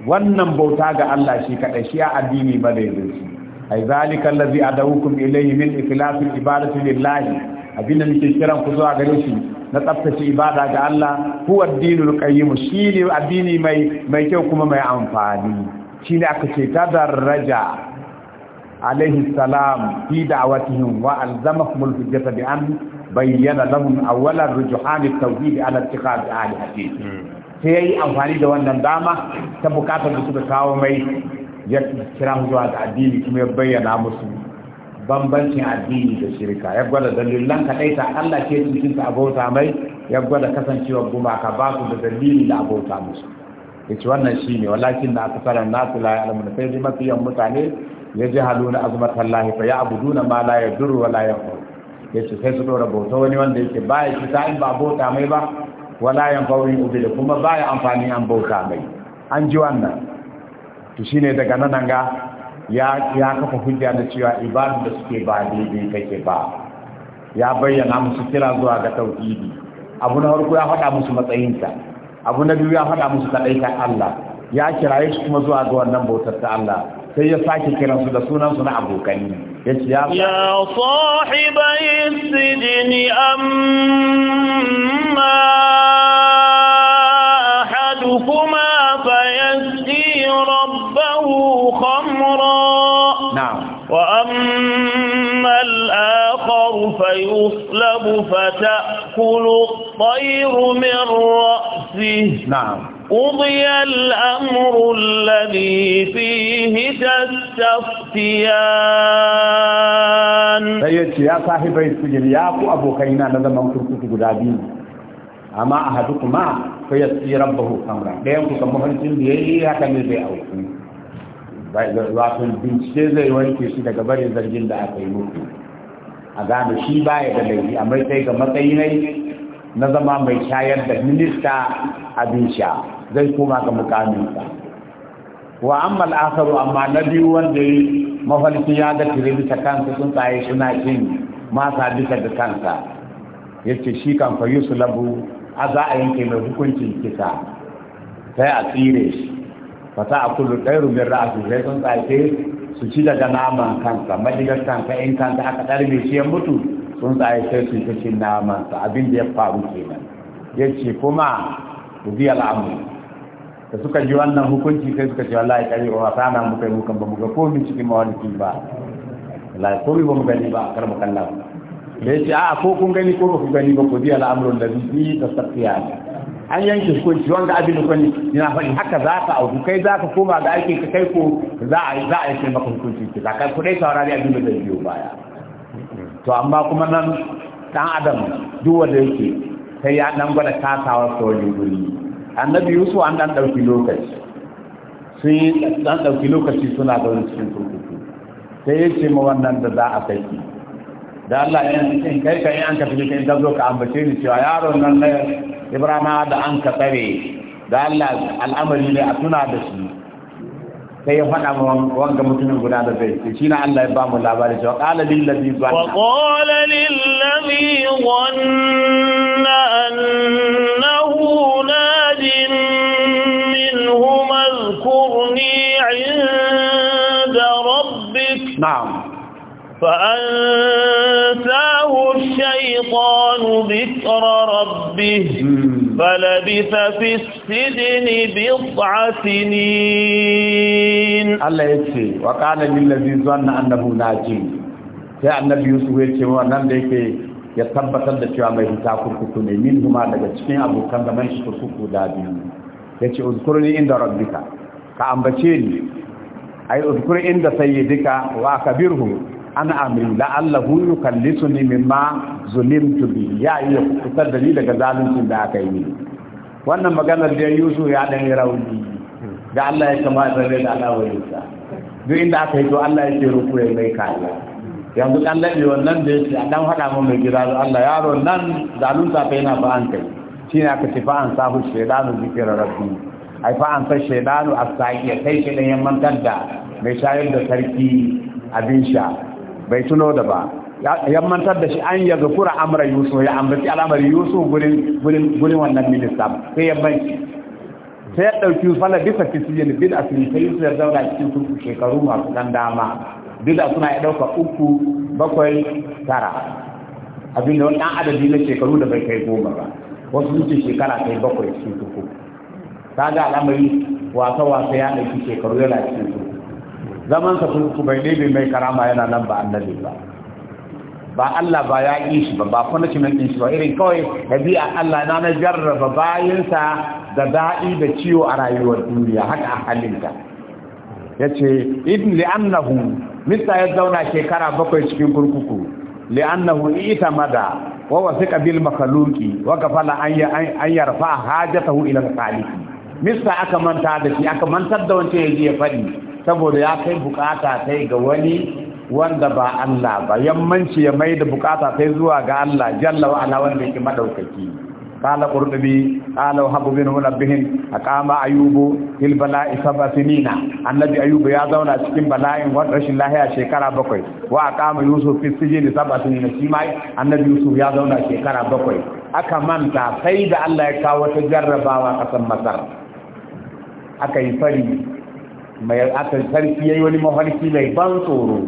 wannan bauta ga Allah shi kadai shi a addini ba da shi ai zalika allazi adawukum ilayhi min ikhlasil ibadati lillahi abinda nake kiran ku zuwa gare shi na tsaftace ibada ga Allah huwa dinul qayyim shi ne addini mai mai kyau kuma mai amfani shi ne aka ce tadarraja alaihi salam fi da'watihim wa alzamahum hujjata bi bayyana lahum awwalan rujuhan at-tawhid ala ittikhad alihati sai yi amfani da wannan dama ta bukatar da suka kawo mai ya kira zuwa ga addini kuma ya bayyana musu bambancin addini da shirka ya gwada dalilan kaɗai ta Allah ke cikin ta abota mai ya gwada kasancewa gumaka ba su da dalili da abota musu yace wannan shine walakin na akasara nasu la ya'lamuna sai dai mafiyan mutane ya jahaluna azmatallahi fa ya'buduna ma la yadur wa la ya ce sai su ɗora bauta wani wanda yake ba ya in ba bauta mai ba wala yan ubi da kuma ba ya amfani an bauta mai an ji wannan to shi ne daga nan ga ya kafa hujja da cewa ibadu da suke ba daidai kake ba ya bayyana musu kira zuwa ga tauhidi abu na farko ya faɗa musu matsayinta abu na biyu ya faɗa musu ta Allah ya kiraye su kuma zuwa ga wannan bautar ta Allah sai ya sake kiransu da sunansu na abokai ya ce ya ya sahibai sijini amma ahaduhuma fa yasqi rabbahu khamra na'am wa amma al-akhar fa yuslab fa ta'kulu الطير من رأسه نعم قضي الأمر الذي فيه تستفتيان سيدي يا صاحب السجن يا أبو أبو كينا لذا منصر كتب دابين أما أحدكما فيسقي ربه خمرا ديانك كمهرسين بيلي هكا من بي أوكي wato bincike zai wanke shi daga barin zargin da aka yi muku a gane shi baya da laifi amma sai ga matsayi na zama mai shayar da minista abin sha zai koma ga mukaminsa wa amma al'asaru amma na biyu wanda ya mafarki ya ga tire kansa sun tsaye suna cin masa bisa da kansa ya ce shi kan fa su labu a za a yanke mai hukuncin kisa sai a tsire shi fata a kullu ɗaya rumin ra'asu sai sun tsaye su ci daga naman kansa madigar kansa in kansa aka ɗarbe shi ya mutu tsuntsaye sai su ta cin namansa abin da ya faru kenan ya ce kuma ku biya al'amu da suka ji wannan hukunci sai suka ce wallahi kare wa sa sana mu yi mukan ba mu ga komai cikin mawaliki ba wallahi komai ba mu gani ba kar mu kalla da ya ce a ko kun gani ko ba ku gani ba ku biya al'amuran da bibi da safiya an yanke hukunci wanda abin da kwani yana faɗi haka za ka auku kai za ka koma ga aiki ka kai ko za a yi za a yi maka hukunci ki za ka kudai saurari abin da zai biyo baya to amma kuma nan dan adam duk wanda yake sai ya dan gwada kasawa ta wajen guri annabi yusuf an dan dauki lokaci sun dan dauki lokaci suna da cikin kurkuku sai ya ce ma wannan da za a kai. da Allah ya in kai kai an ka fili kai da zo ka ambace ni cewa yaro nan ne Ibrahim da an ka tsare da Allah al'amari ne a tuna da shi sai ya faɗa ma wanga mutumin guda da zai ce shi na Allah ya ba mu labari cewa qala lil ladhi zanna wa qala lil ladhi zanna annahu najin minhum azkurni 'inda rabbik na'am فأنساه الشيطان ذكر ربه فلبث في السجن بضع سنين الله يكفي وقال للذي ظن أنه ناجي يا النبي يوسف يكفي ونم ديك يتبت الدكي وما يتاك الكتون من هما لجتكين أبو كندا من شكوكو دابين يكفي اذكرني عند ربك كأنبتيني أي اذكر عند سيدك وأكبره an amri la'allahu yukallisuni mimma zulimtu bi ya iya kutar da ni daga zaluncin da aka yi ni wannan maganar da Yusuf ya dan rauni da Allah ya kamata da alawarinsa duk inda aka yi to Allah ya ce ruku ya mai kaya. yanzu dan labe wannan da yake a dan hada mu mai gida Allah yaro nan zalunta ta yana ba an kai shine aka ce fa an sahu shaydanu zikra rabbi ai fa an sa shaydanu as-sa'i kai kidan dan yamman da mai shayar da sarki abin sha bai tuno da ba ya da shi an ya kura amra yusuf ya ambaci al'amar yusuf gurin gurin gurin wannan minista sai ya banki sai ya dauki fala bisa fisiyin bin asiri sai yusuf ya zauna cikin kurku shekaru masu dan dama duk da suna ya dauka uku bakwai tara abinda wani dan adadi na shekaru da bai kai goma ba wasu wuce shekara kai bakwai cikin Ta kaga al'amari wasa wasa ya dauki shekaru yana cikin kurku zaman sa ku bai ne mai karama yana nan ba annabi ba ba Allah ba ya yi shi ba ba punishment din shi ba irin kawai dabi'a Allah na na jarraba bayinsa da da'i da ciwo a rayuwar duniya haka a halinta yace ibn li'annahu mista ya zauna shekara bakwai cikin kurkuku li'annahu itamada wa wasiqa bil makhluqi wa kafala an an yarfa hajatahu ila al-khaliq mista aka manta da shi aka mantar da wancan ji ya fadi saboda ya kai bukata yi ga wani wanda ba Allah ba yammanci ya mai da bukata yi zuwa ga Allah jalla wa ala wanda yake madaukaki kala qurtubi kala habu bin munabbihin aqama ayubu fil bala'i sab'a annabi ayubu ya zauna cikin bala'in wa rashin lahiya shekara bakwai wa aqama yusuf fi sijini sab'a shi annabi yusuf ya zauna shekara bakwai aka manta sai da Allah ya kawo ta jarrabawa kasan masar aka yi fari mai akan sarki yayi wani mafarki mai ban tsoro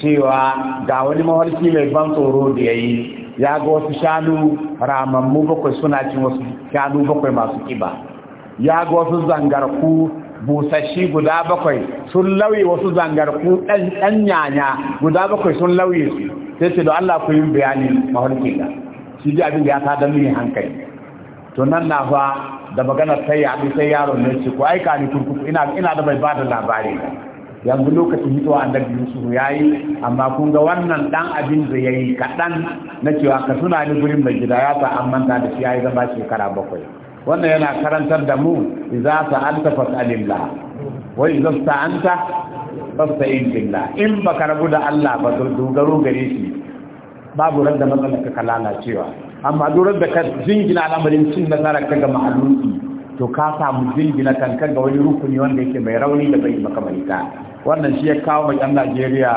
cewa ga wani mafarki mai ban tsoro da yayi ya ga wasu shanu ramammu bakwai suna cin wasu shanu bakwai masu kiba ya ga wasu zangarku busashi guda bakwai sun lauye wasu zangarku ɗan nyanya guda bakwai sun lauye su sai ce da Allah ku yi bayani mafarki da shi ji abin da ya tada mini hankali to nan na fa da maganar sai ya sai yaron ne ce ko aika ni kurkuku ina ina da bai bada labari yanzu lokacin hitowa annabi Yusuf yayi amma kun ga wannan dan abin da yayi kaɗan na cewa ka tuna ni gurin mai gida ya ta manta da shi yayi zama shekara bakwai wannan yana karantar da mu idza sa'alta fas'alillah wa idza sta'anta ta billah in baka rabu da Allah ba dogaro gare shi babu radda matsalar ka lalacewa amma durar da ka jingina al'amarin cin nasara ka ga mahaluki to ka samu jingina kankan ga wani rukuni wanda yake mai rauni da bai makamaita. wannan shi ya kawo mai yan najeriya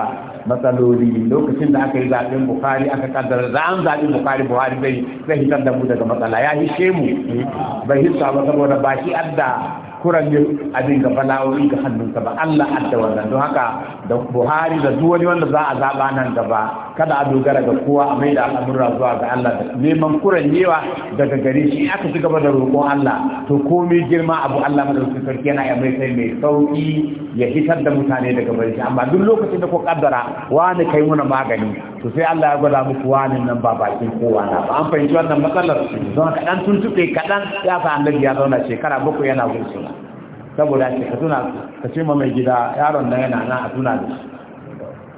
matsaloli lokacin da aka yi zaɓen bukari aka kaddara za an zaɓi bukari buhari zai hitar da mu daga matsala ya hishe mu bai hissa ba saboda ba shi adda kurangin abin ga balawuri ga hannunsa ba Allah adda wannan don haka da Buhari da duk wanda za a zaba nan gaba kada a dogara ga kowa a mai da al'amura zuwa ga Allah da neman kuranyewa daga gare shi aka ci gaba da roƙon Allah to komai girma abu Allah madaukakin sarki yana ya mai sai mai sauki ya hitar da mutane daga barci amma duk lokacin da ku kaddara wani kai muna magani to sai Allah ya gwada muku wani nan ba bakin kowa na ba an fahimci wannan matsalar don kaɗan tuntube kaɗan ya sa annabi ya zauna shekara bakwai yana gursuna saboda ce ka tuna ka ce ma mai gida yaron nan yana nan a tuna da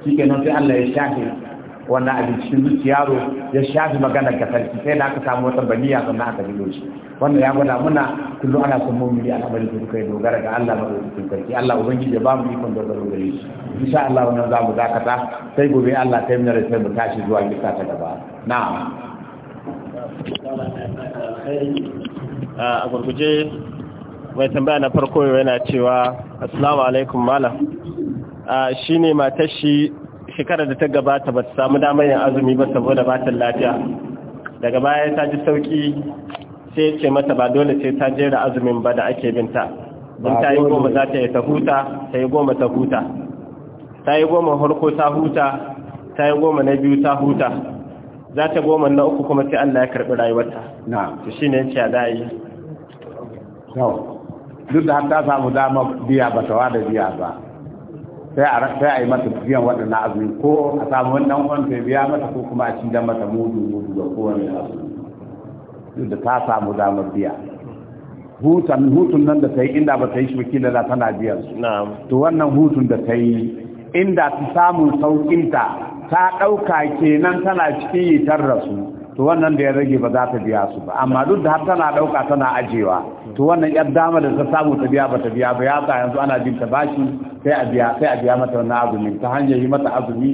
shi shikenan sai Allah ya shafe wannan abin cikin zuciya yaro ya shafi magana ka sarki sai da aka samu wata baniya sannan aka bilo shi wannan ya gwada muna kullu ana son mummuni al'amari da kai dogara ga Allah madaukakin sarki Allah ubangiji ya ba mu ikon dogaro gare shi insha Allah wannan za mu dakata sai gobe Allah ta yi mana sai mu tashi zuwa gida ta gaba na'am a gurguje mai tambaya na farko yana cewa assalamu alaikum malam shine matashi. shekarar da ta gabata ba ta samu damar yin azumi ba saboda batin lafiya daga baya ta ji sauki sai ya ce mata ba dole sai ta jera azumin ba da ake binta don ta yi goma za ta yi ta huta ta yi goma ta huta ta yi goma harko ta huta ta yi goma na biyu ta huta za ta goma na uku kuma sai Allah ya karɓi rayuwarta na shi ne yace a da yi duk da ta samu dama biya ba ta wada biya ba sai a yi mata biyan waɗannan azumi ko a samu wannan ya biya mata ko kuma a cidan mata mudu mudu ga kowane azumi da ta samu damar biya hutun hutun nan da ta yi inda ba ta yi shi da tana biyan su to wannan hutun da ta yi inda ta samu sauƙinta ta ɗauka kenan tana cikin yitar rasu to wannan da ya rage ba za ta biya su ba amma duk da har tana ɗauka tana ajiyewa. to wannan yar dama da ta samu ta biya bata biya ba ya yanzu ana bin ta bashi sai a biya sai a biya mata wannan azumi ta hanyar yi mata azumi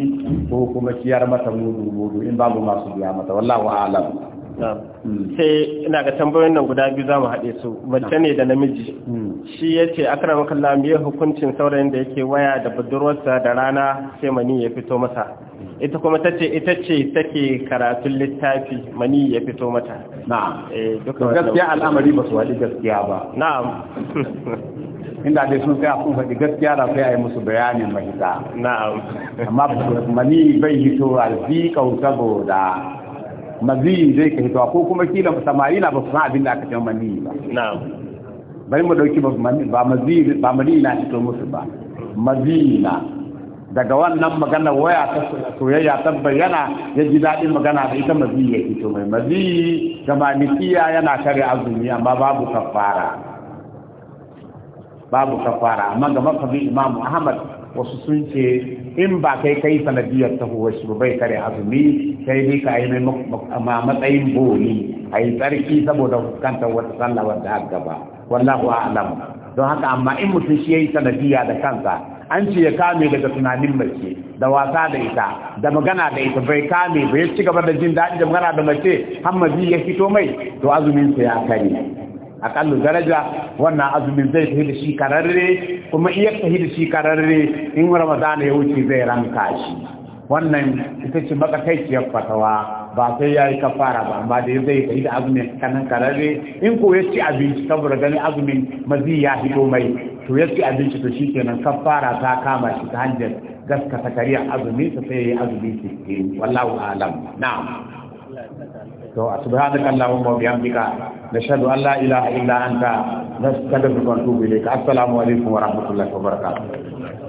ko kuma ciyar mata mudu mudu in babu masu biya mata wallahu a'lam Hmm. sai ina ga tambayoyin nan guda biyu za mu haɗe su mace ne da namiji hmm. shi ya ce akrama kalla me hukuncin saurayin da yake waya da budurwarsa da rana sai mani ya fito masa hmm. ita kuma ta ce ita ce take karatun littafi mani ya fito mata na'am eh, gaskiya al'amari ba su haɗi gaskiya ba na'am inda dai sun a sun faɗi gaskiya da sai a yi musu bayanin mahita na'am amma mani bai hito alfi kau saboda maziyi zai ka hitowa ko kuma kila samari na ba su san abin da aka ce maniyi ba bari mu dauki ba maziyi ba maniyi na hito musu ba maziyi na daga wannan magana waya ta soyayya ta bayyana ya ji daɗin magana da ita maziyi ya hito mai maziyi ga malikiya yana kare azumi amma babu kafara babu kafara amma ga makamin imamu ahmad wasu sun ce in ba kai kai sanadiyar tahowar shi bai kare azumi sai dai ka yi ma matsayin boli a yi tsarki saboda fuskantar wata sallah wadda har gaba wallahu a'lam don haka amma in mutum shi ya yi sanadiyya da kansa an ce ya kame daga tunanin mace da wasa da ita da magana da ita bai kame bai ci gaba da jin daɗi da magana da mace hammazi ya fito mai to azumin sa ya kare A aƙallu daraja wannan azumin zai tafi da shi kararre kuma iya tafi da shi kararre in ramadana ya wuce zai ranka shi wannan ita ce ya fatawa ba sai ya yi kafara ba amma da zai tafi da azumin kanan kararre in ko ya ci abinci saboda ganin azumin mazi ya hito mai to ya ci abinci to shi kenan kafara ta kama shi ta hanyar gaskata kariyar azumi ta sai ya yi azumi sittin wallahu alam na'am to subhanaka allahumma wa bihamdika nashhadu an la ilaha illa anta nastaghfiruka wa natubu ilayk assalamu alaikum wa rahmatullahi wa barakatuh